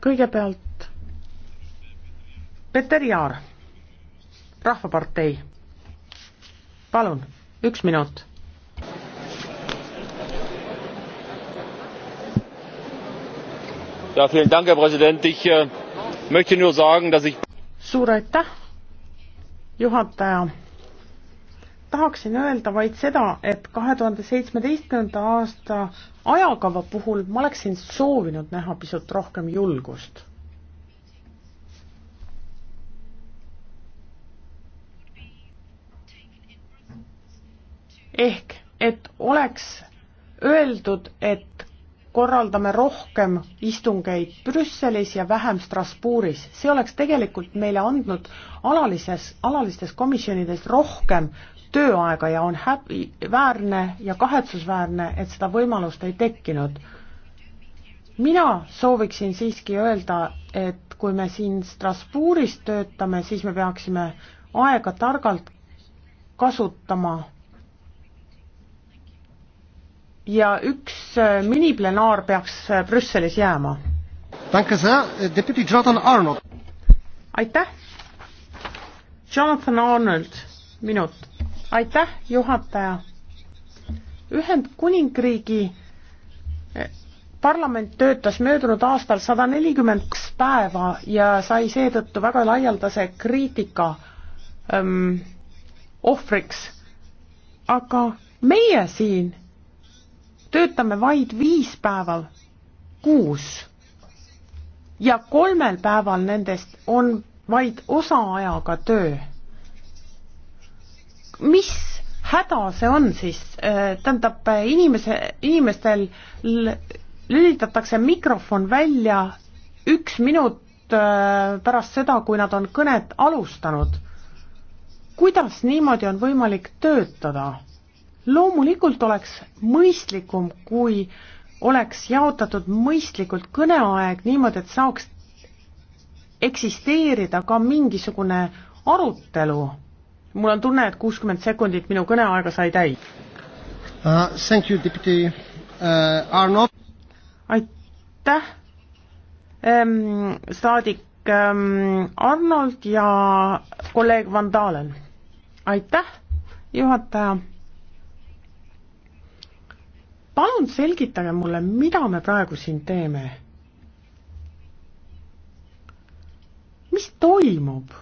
kõigepealt Peeter Jaar, Rahvapartei. palun, üks minut herr präsident! ich äh, möchte nur sagen dass ich. suur aitäh juhataja! tahaksin öelda vaid seda, et kahe tuhande seitsmeteistkümnenda aasta ajakava puhul ma oleksin soovinud näha pisut rohkem julgust. ehk et oleks öeldud, et korraldame rohkem istungeid Brüsselis ja vähem Strasbourgis, see oleks tegelikult meile andnud alalises, alalistes komisjonides rohkem tööaega ja on häbiväärne ja kahetsusväärne, et seda võimalust ei tekkinud. mina sooviksin siiski öelda, et kui me siin Strasbourgis töötame, siis me peaksime aega targalt kasutama. ja üks äh, miniplenaar peaks äh, Brüsselis jääma. Äh, aitäh, Jonathan Arnold minut aitäh, juhataja. Ühendkuningriigi eh, parlament töötas möödunud aastal sada nelikümmend kaks päeva ja sai seetõttu väga laialdase kriitika öm, ehm, ohvriks. aga meie siin töötame vaid viis päeva kuus ja kolmel päeval nendest on vaid osaajaga töö mis häda see on siis, äh, tähendab äh, inimese, inimestel lülitatakse mikrofon välja üks minut äh, pärast seda, kui nad on kõnet alustanud. kuidas niimoodi on võimalik töötada? loomulikult oleks mõistlikum, kui oleks jaotatud mõistlikult kõneaeg niimoodi, et saaks eksisteerida ka mingisugune arutelu mul on tunne, et kuuskümmend sekundit minu kõneaega sai täis uh,. Thank you, deputy uh, Arno. aitäh ähm,, saadik ähm, Arnold ja kolleeg Van Dalen. aitäh, juhataja palun selgitage mulle, mida me praegu siin teeme? mis toimub?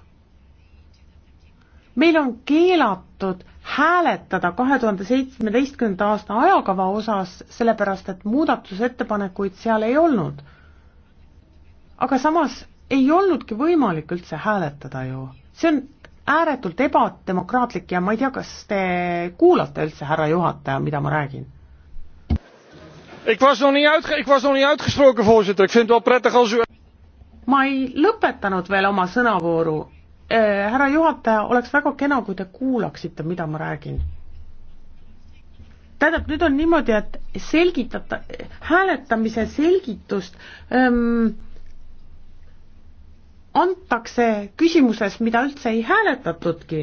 meil on keelatud hääletada kahe tuhande seitsmeteistkümnenda aasta ajakava osas, sellepärast et muudatusettepanekuid seal ei olnud. aga samas ei olnudki võimalik üldse hääletada ju, see on ääretult ebademokraatlik ja ma ei tea, kas te kuulate üldse, härra juhataja, mida ma räägin? Ik was nog niet uitge-, ik was nog niet uitgesproken, voorzitter. Ik vind het wel prettig als u ma ei lõpetanud veel oma sõnavooru, Äh, härra juhataja, oleks väga kena, kui te kuulaksite, mida ma räägin. tähendab, nüüd on niimoodi, et selgitata, hääletamise selgitust ähm, antakse küsimuses, mida üldse ei hääletatudki,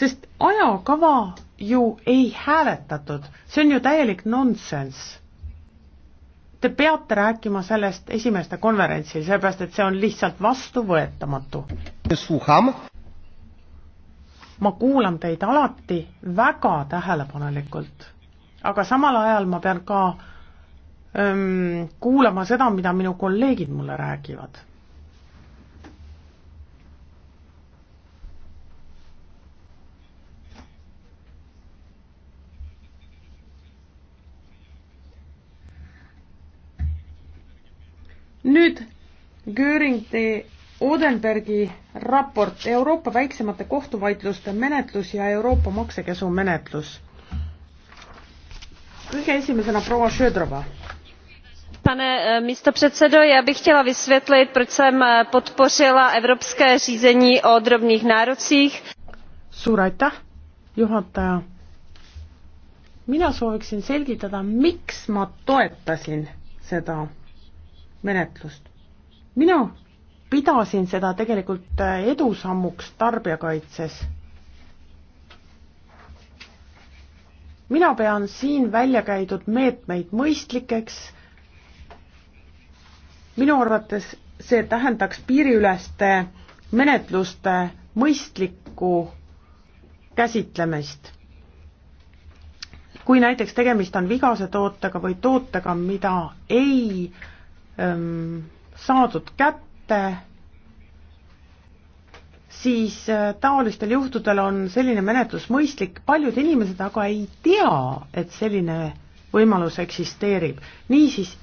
sest ajakava ju ei hääletatud, see on ju täielik nonsenss Te peate rääkima sellest esimeste konverentsil, sellepärast et see on lihtsalt vastuvõetamatu. ma kuulan teid alati väga tähelepanelikult, aga samal ajal ma pean ka öö, ähm, kuulama seda, mida minu kolleegid mulle räägivad nüüd Göring de Odenbergi raport Euroopa väiksemate kohtuvaidluste menetlus ja Euroopa maksekäsu menetlus. kõige esimesena proua Šödrova. Pane eh, místopředsedo, já bych chtěla vysvětlit, proč jsem eh, podpořila evropské řízení o drobných nárocích. Suur aitäh, juhataja. mina sooviksin selgitada, miks ma toetasin seda menetlust. mina pidasin seda tegelikult äh, edusammuks tarbijakaitses. mina pean siin välja käidud meetmeid mõistlikeks, minu arvates see tähendaks piiriüleste menetluste mõistlikku käsitlemist. kui näiteks tegemist on vigase tootega või tootega, mida ei äh, Ähm, saadud kätte, siis äh, taolistel juhtudel on selline menetlus mõistlik, paljud inimesed aga ei tea, et selline võimalus eksisteerib. niisiis,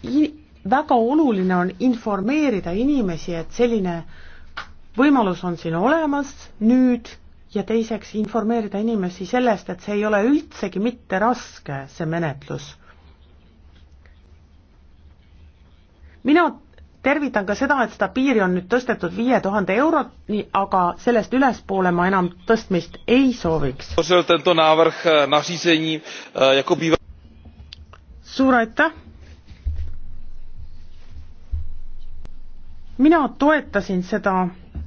väga oluline on informeerida inimesi, et selline võimalus on siin olemas nüüd ja teiseks informeerida inimesi sellest, et see ei ole üldsegi mitte raske, see menetlus mina tervitan ka seda, et seda piiri on nüüd tõstetud viie tuhande euroni, aga sellest ülespoole ma enam tõstmist ei sooviks. Eh, eh, suur aitäh! mina toetasin seda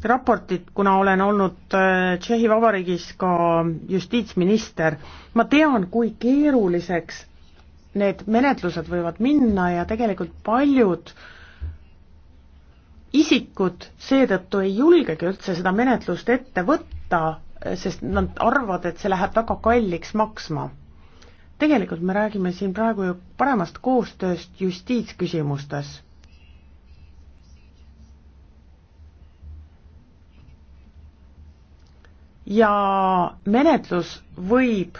raportit, kuna olen olnud eh, Tšehhi Vabariigis ka justiitsminister. ma tean, kui keeruliseks need menetlused võivad minna ja tegelikult paljud isikud seetõttu ei julgegi üldse seda menetlust ette võtta, sest nad arvavad, et see läheb väga kalliks maksma. tegelikult me räägime siin praegu ju paremast koostööst justiitsküsimustes. ja menetlus võib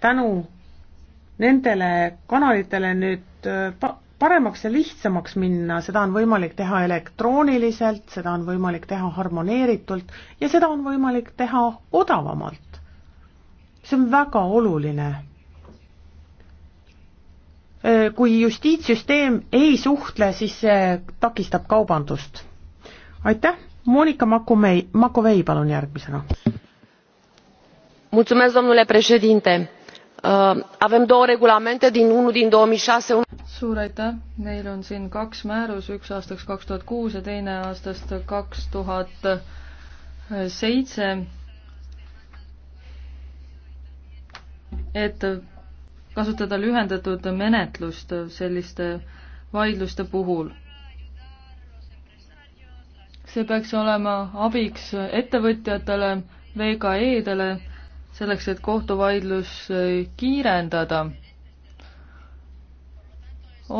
tänu nendele kanalitele nüüd äh, paremaks ja lihtsamaks minna, seda on võimalik teha elektrooniliselt, seda on võimalik teha harmoneeritult ja seda on võimalik teha odavamalt. see on väga oluline. Äh, kui justiitssüsteem ei suhtle, siis see takistab kaubandust. aitäh, Monika Makumei, Makovei, palun järgmisena. mulțumesc, domnule președinte Äh, avem două regulamente din unul din două mii șase suur aitäh meil on siin kaks määrus üks aastaks kaks tuhat kuus ja teine aastast kaks tuhat seitse et kasutada lühendatud menetlust selliste vaidluste puhul see peaks olema abiks ettevõtjatele VKE-dele selleks, et kohtuvaidlus kiirendada.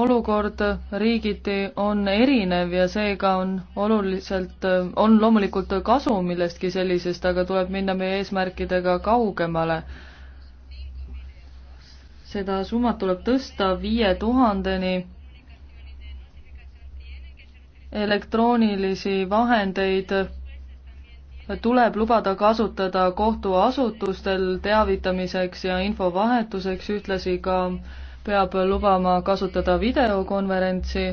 olukord riigiti on erinev ja seega on oluliselt, on loomulikult kasu millestki sellisest, aga tuleb minna meie eesmärkidega kaugemale. seda summat tuleb tõsta viie tuhandeni elektroonilisi vahendeid tuleb lubada kasutada kohtuasutustel teavitamiseks ja infovahetuseks, ühtlasi ka peab lubama kasutada videokonverentsi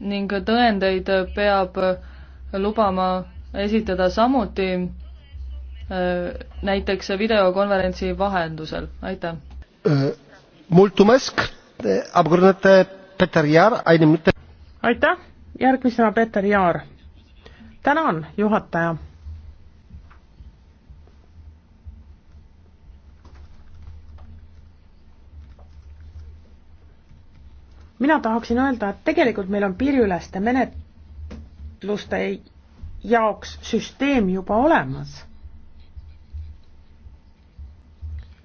ning tõendeid peab lubama esitada samuti äh, näiteks videokonverentsi vahendusel, aitäh. Äh, äh, aitäh, järgmisena Peeter Jaar tänan, juhataja. mina tahaksin öelda, et tegelikult meil on piiriüleste menetluste jaoks süsteem juba olemas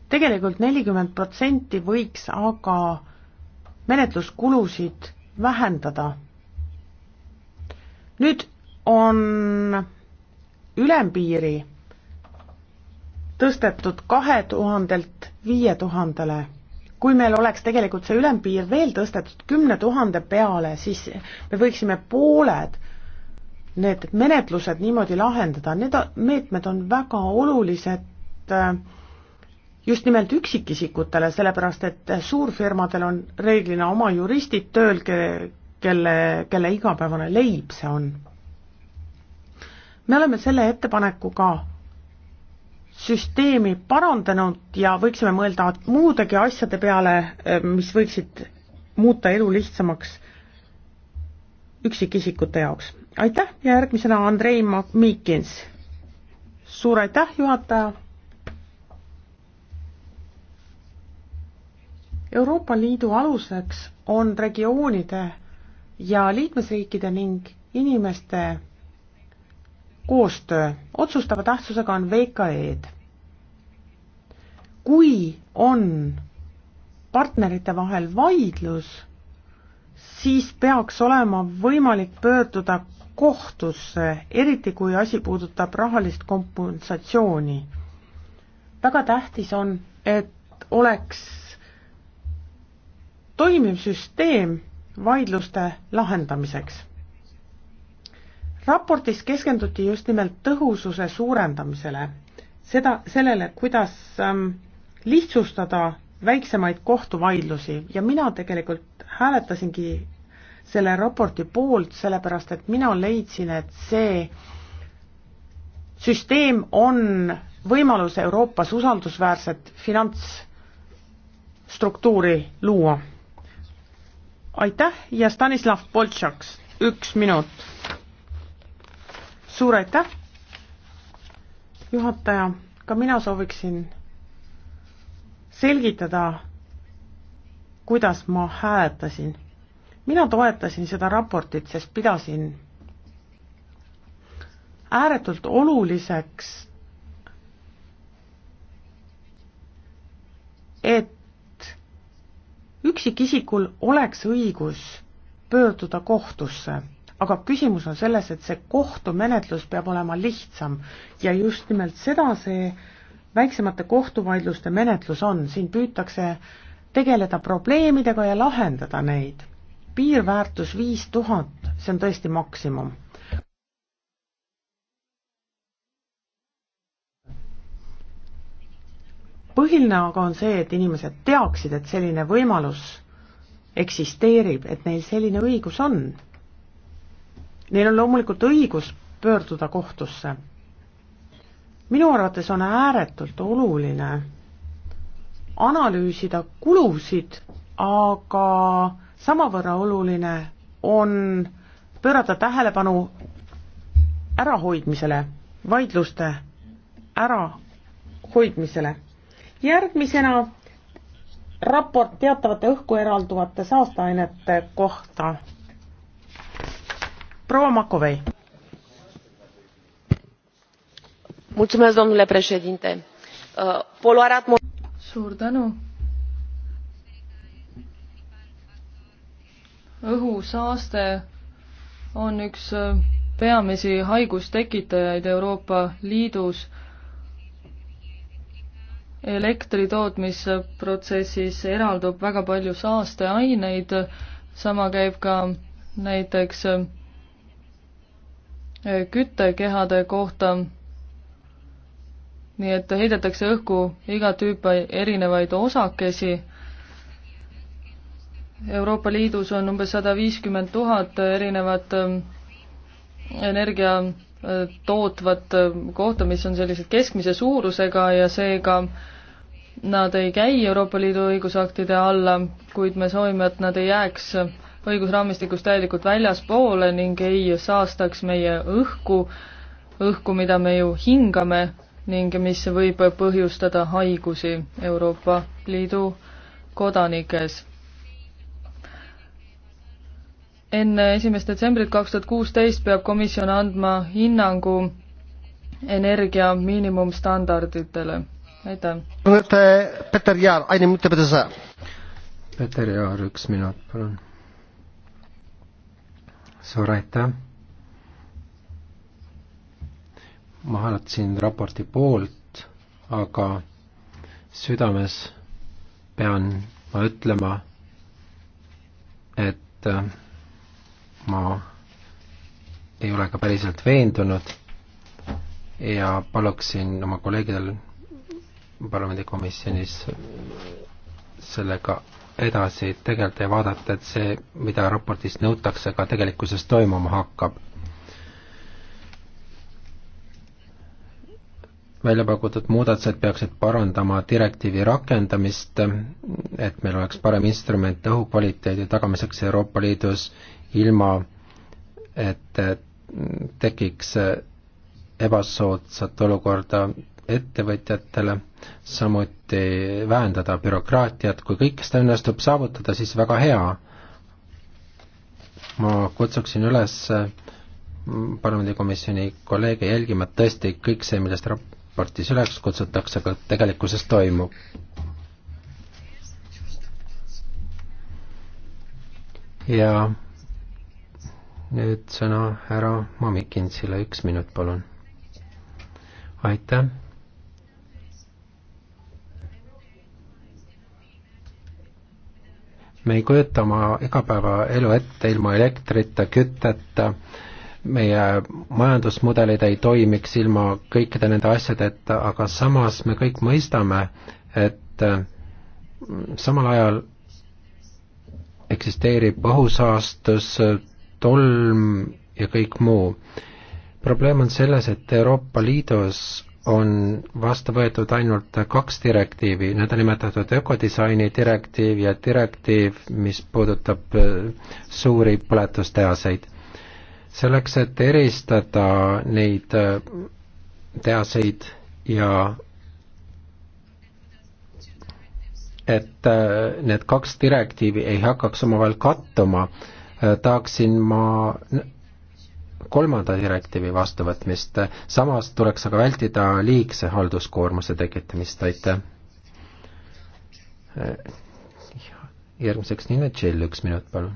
tegelikult nelikümmend protsenti võiks aga menetluskulusid vähendada. nüüd on ülempiiri tõstetud kahe tuhandelt viie tuhandele. kui meil oleks tegelikult see ülempiir veel tõstetud kümne tuhande peale, siis me võiksime pooled need menetlused niimoodi lahendada, need meetmed on väga olulised äh, just nimelt üksikisikutele, sellepärast et suurfirmadel on reeglina oma juristid tööl, kelle, kelle igapäevane leib see on me oleme selle ettepanekuga süsteemi parandanud ja võiksime mõelda muudegi asjade peale, eh, mis võiksid muuta elu lihtsamaks üksikisikute jaoks. aitäh ja järgmisena Andrei Mikins. suur aitäh, juhataja. Euroopa Liidu aluseks on regioonide ja liikmesriikide ning inimeste koostöö, otsustava tähtsusega on VKE-d. kui on partnerite vahel vaidlus, siis peaks olema võimalik pöörduda kohtusse, eriti kui asi puudutab rahalist kompensatsiooni. väga tähtis on, et oleks toimiv süsteem vaidluste lahendamiseks raportis keskenduti just nimelt tõhususe suurendamisele, seda, sellele, kuidas ähm, lihtsustada väiksemaid kohtuvaidlusi ja mina tegelikult hääletasingi selle raporti poolt, sellepärast et mina leidsin, et see süsteem on võimalus Euroopas usaldusväärset finantsstruktuuri luua. aitäh ja Stanislav Boltšak, üks minut suur aitäh, juhataja, ka mina sooviksin selgitada, kuidas ma hääletasin. mina toetasin seda raportit, sest pidasin ääretult oluliseks, et üksikisikul oleks õigus pöörduda kohtusse aga küsimus on selles, et see kohtumenetlus peab olema lihtsam ja just nimelt seda see väiksemate kohtuvaidluste menetlus on, siin püütakse tegeleda probleemidega ja lahendada neid. piirväärtus viis tuhat, see on tõesti maksimum. põhiline aga on see, et inimesed teaksid, et selline võimalus eksisteerib, et neil selline õigus on Neil on loomulikult õigus pöörduda kohtusse. minu arvates on ääretult oluline analüüsida kulusid, aga samavõrra oluline on pöörata tähelepanu ärahoidmisele, vaidluste ärahoidmisele. järgmisena raport teatavate õhku eralduvate saasteainete kohta proua Makovei. domnule președinte uh, poluarea atmosfäärică õhusaaste on üks äh, peamisi haigustekitajaid Euroopa Liidus. elektri tootmisprotsessis eraldub väga palju saasteaineid, sama käib ka näiteks äh, küttekehade kohta. nii et heidetakse õhku iga tüüpi erinevaid osakesi. Euroopa Liidus on umbes sada viiskümmend tuhat erinevat ähm, energia äh, tootvat äh, kohta, mis on sellised keskmise suurusega ja seega nad ei käi Euroopa Liidu õigusaktide alla, kuid me soovime, et nad ei jääks õigusraamistikust täielikult väljaspoole ning ei saastaks meie õhku, õhku, mida me ju hingame ning mis võib põhjustada haigusi Euroopa Liidu kodanikes. enne esimest detsembrit kaks tuhat kuusteist peab komisjon andma hinnangu energia miinimumstandarditele. aitäh. Peeter Jaar, ainult Peeter Saar. Peeter Jaar, üks minut, palun suur aitäh! ma hääletasin raporti poolt, aga südames pean ma ütlema, et äh, ma ei ole ka päriselt veendunud ja paluksin oma kolleegidel parlamendikomisjonis sellega edasi tegeleda ja vaadata, et see, mida raportis nõutakse, ka tegelikkuses toimuma hakkab. välja pakutud muudatused peaksid parandama direktiivi rakendamist, et meil oleks parem instrument õhukvaliteedi tagamiseks Euroopa Liidus, ilma et tekiks ebasoodsat olukorda ettevõtjatele, samuti vähendada bürokraatiat, kui kõik seda õnnestub saavutada, siis väga hea. ma kutsuksin üles mm, parlamendikomisjoni kolleege jälgima, et tõesti kõik see, millest raportis üles kutsutakse, ka tegelikkuses toimub. ja nüüd sõna härra Mamikinsile, üks minut palun. aitäh me ei kujuta oma igapäevaelu ette ilma elektrita, kütteta, meie majandusmudelid ei toimiks ilma kõikide nende asjadeta, aga samas me kõik mõistame, et äh, samal ajal eksisteerib õhusaastus, tolm ja kõik muu. probleem on selles, et Euroopa Liidus on vastu võetud ainult kaks direktiivi, nõndanimetatud ökodisaini direktiiv ja direktiiv, mis puudutab äh, suuri põletustehaseid. selleks, et eristada neid äh, tehaseid ja et äh, need kaks direktiivi ei hakkaks omavahel kattuma, tahaksin ma kolmanda direktiivi vastuvõtmist, samas tuleks aga vältida liigse halduskoormuse tekitamist, aitäh. järgmiseks Nina Tšill, üks minut, palun.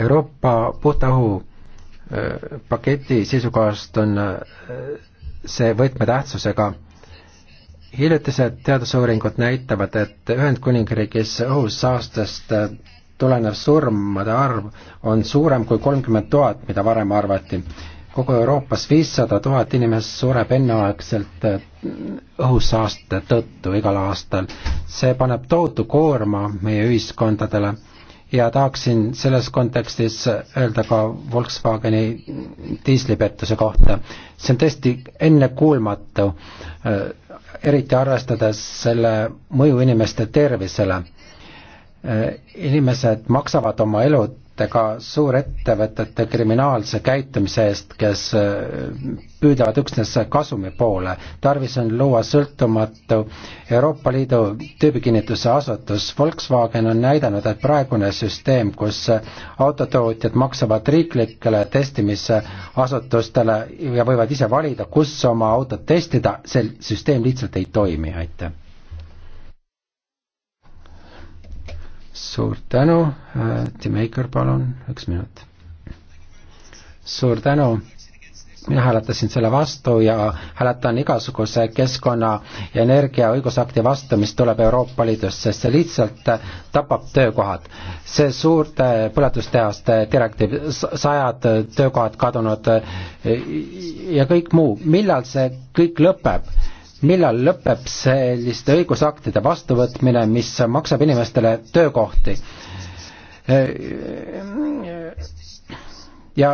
Euroopa puhta õhu äh, paketi seisukohast on äh, see võtmetähtsusega hiljutised teadusuuringud näitavad, et Ühendkuningriigis õhussaastest äh, tulenev surmade arv on suurem kui kolmkümmend tuhat, mida varem arvati. kogu Euroopas viissada tuhat inimest sureb enneaegselt äh, õhusaaste tõttu igal aastal. see paneb tohutu koorma meie ühiskondadele ja tahaksin selles kontekstis öelda ka Volkswageni diislipettuse kohta. see on tõesti ennekuulmatu, äh, eriti arvestades selle mõju inimeste tervisele Äh, inimesed maksavad oma eludega suurettevõtete kriminaalse käitumise eest, kes äh, püüdlevad üksnes kasumi poole. tarvis on luua sõltumatu Euroopa Liidu tüübikinnituse asutus. Volkswagen on näidanud, et praegune süsteem, kus autotootjad maksavad riiklikele testimisasutustele ja võivad ise valida, kus oma autot testida, see süsteem lihtsalt ei toimi, aitäh suur tänu, Tim Eiker, palun, üks minut. suur tänu, mina hääletasin selle vastu ja hääletan igasuguse keskkonna ja energia õigusakti vastu, mis tuleb Euroopa Liidust, sest see lihtsalt tapab töökohad. see suurte põletustehaste direktiiv, sajad töökohad kadunud eh, ja kõik muu, millal see kõik lõpeb? millal lõpeb selliste õigusaktide vastuvõtmine, mis maksab inimestele töökohti? ja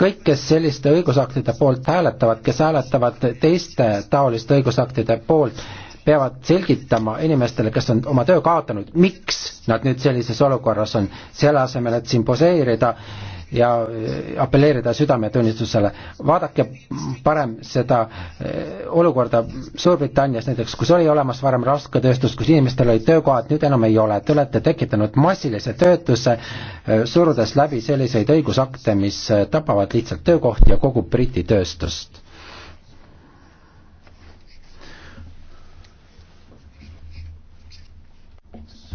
kõik, kes selliste õigusaktide poolt hääletavad, kes hääletavad teiste taoliste õigusaktide poolt, peavad selgitama inimestele, kes on oma töö kaotanud, miks nad nüüd sellises olukorras on, selle asemel, et siin poseerida äh, ja apelleerida südametunnistusele. vaadake parem seda eh, olukorda Suurbritannias näiteks, kus oli olemas varem rasketööstus, kus inimestel olid töökohad, nüüd enam ei ole. Te olete tekitanud massilise töötuse, eh, surudes läbi selliseid õigusakte, mis eh, tapavad lihtsalt töökohti ja kogu Briti tööstust.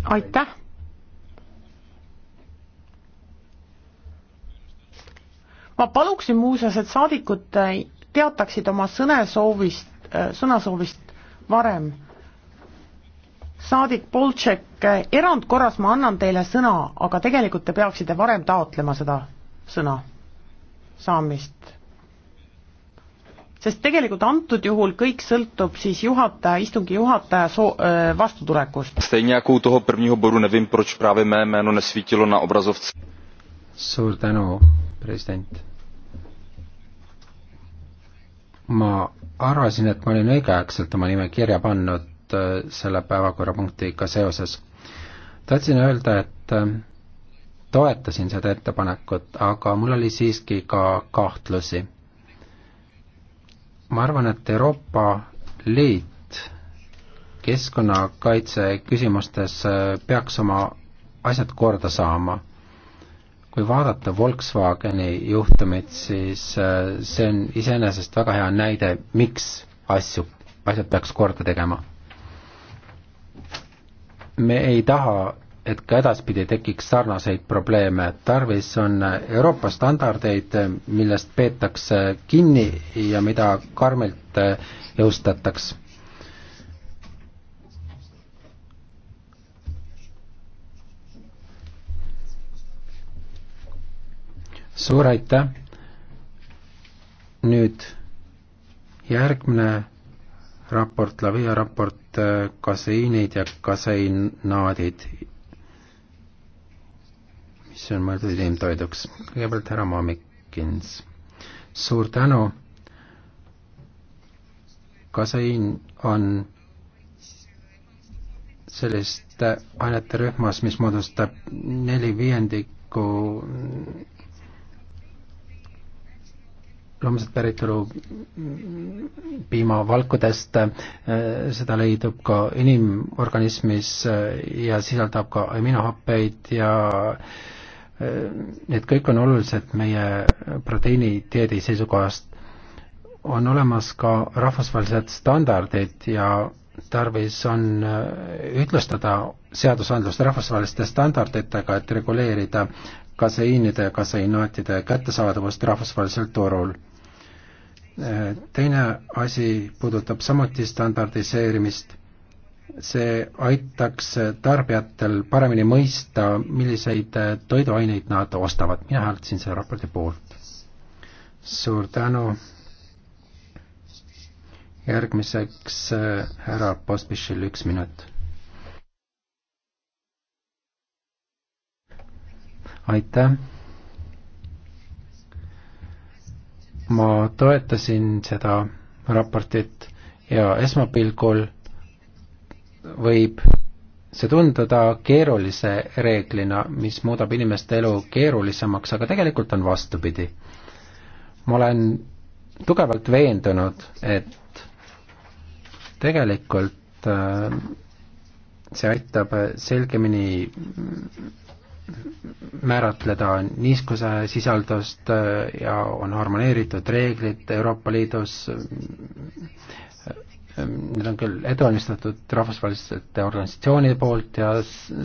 aitäh ma paluksin muuseas, et saadikud äh, teataksid oma sõnesoovist, äh, sõnasoovist varem. saadik Boltšek, äh, erandkorras ma annan teile sõna, aga tegelikult te peaksite varem taotlema seda sõna saamist. sest tegelikult antud juhul kõik sõltub siis juhataja, istungi juhataja soo-, vastutulekust. suur tänu president. ma arvasin, et ma olin õigeaegselt oma nime kirja pannud äh, selle päevakorrapunktiga seoses. tahtsin öelda, et äh, toetasin seda ettepanekut, aga mul oli siiski ka kahtlusi. ma arvan, et Euroopa Liit keskkonnakaitse küsimustes äh, peaks oma asjad korda saama kui vaadata Volkswageni juhtumit, siis äh, see on iseenesest väga hea näide, miks asju, asjad peaks korda tegema. me ei taha, et ka edaspidi tekiks sarnaseid probleeme, tarvis on Euroopa standardeid, millest peetakse kinni ja mida karmilt äh, jõustataks suur aitäh! nüüd järgmine raport, Lavia raport, äh, kaseiinid ja kaseinaadid, mis on mõeldud inimtoiduks. kõigepealt härra Maamikins, suur tänu! kaseiin on selliste ainete rühmas, mis moodustab neli viiendikku loomset päritolu piimavalkudest, seda leidub ka inimorganismis ja sisaldab ka aminohappeid ja need kõik on olulised meie proteiinidieedi seisukohast. on olemas ka rahvusvahelised standardid ja tarvis on ühtlustada seadusandlust rahvusvaheliste standarditega, et reguleerida kaseiinide ja kaseinaatide kättesaadavust rahvusvahelisel turul. teine asi puudutab samuti standardiseerimist. see aitaks tarbijatel paremini mõista, milliseid toiduaineid nad ostavad. mina hääletasin selle raporti poolt. suur tänu. järgmiseks äh, härra Pospišil üks minut aitäh! ma toetasin seda raportit ja esmapilgul võib see tunduda keerulise reeglina, mis muudab inimeste elu keerulisemaks, aga tegelikult on vastupidi. ma olen tugevalt veendunud, et tegelikult äh, see aitab selgemini määratleda niiskuse sisaldust äh, ja on harmoneeritud reeglid Euroopa Liidus. Äh, need on küll ettevalmistatud rahvusvaheliste organisatsioonide poolt ja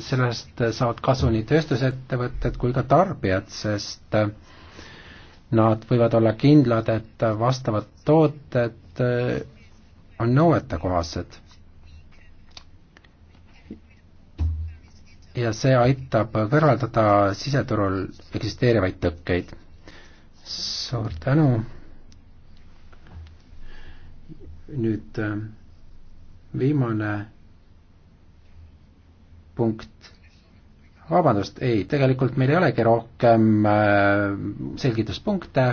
sellest saavad kasu nii tööstusettevõtted kui ka tarbijad, sest äh, nad võivad olla kindlad, et vastavad tooted on nõuetekohased ja see aitab kõrvaldada siseturul eksisteerivaid tõkkeid. suur tänu. nüüd äh, viimane punkt. vabandust, ei, tegelikult meil ei olegi rohkem äh, selgituspunkte.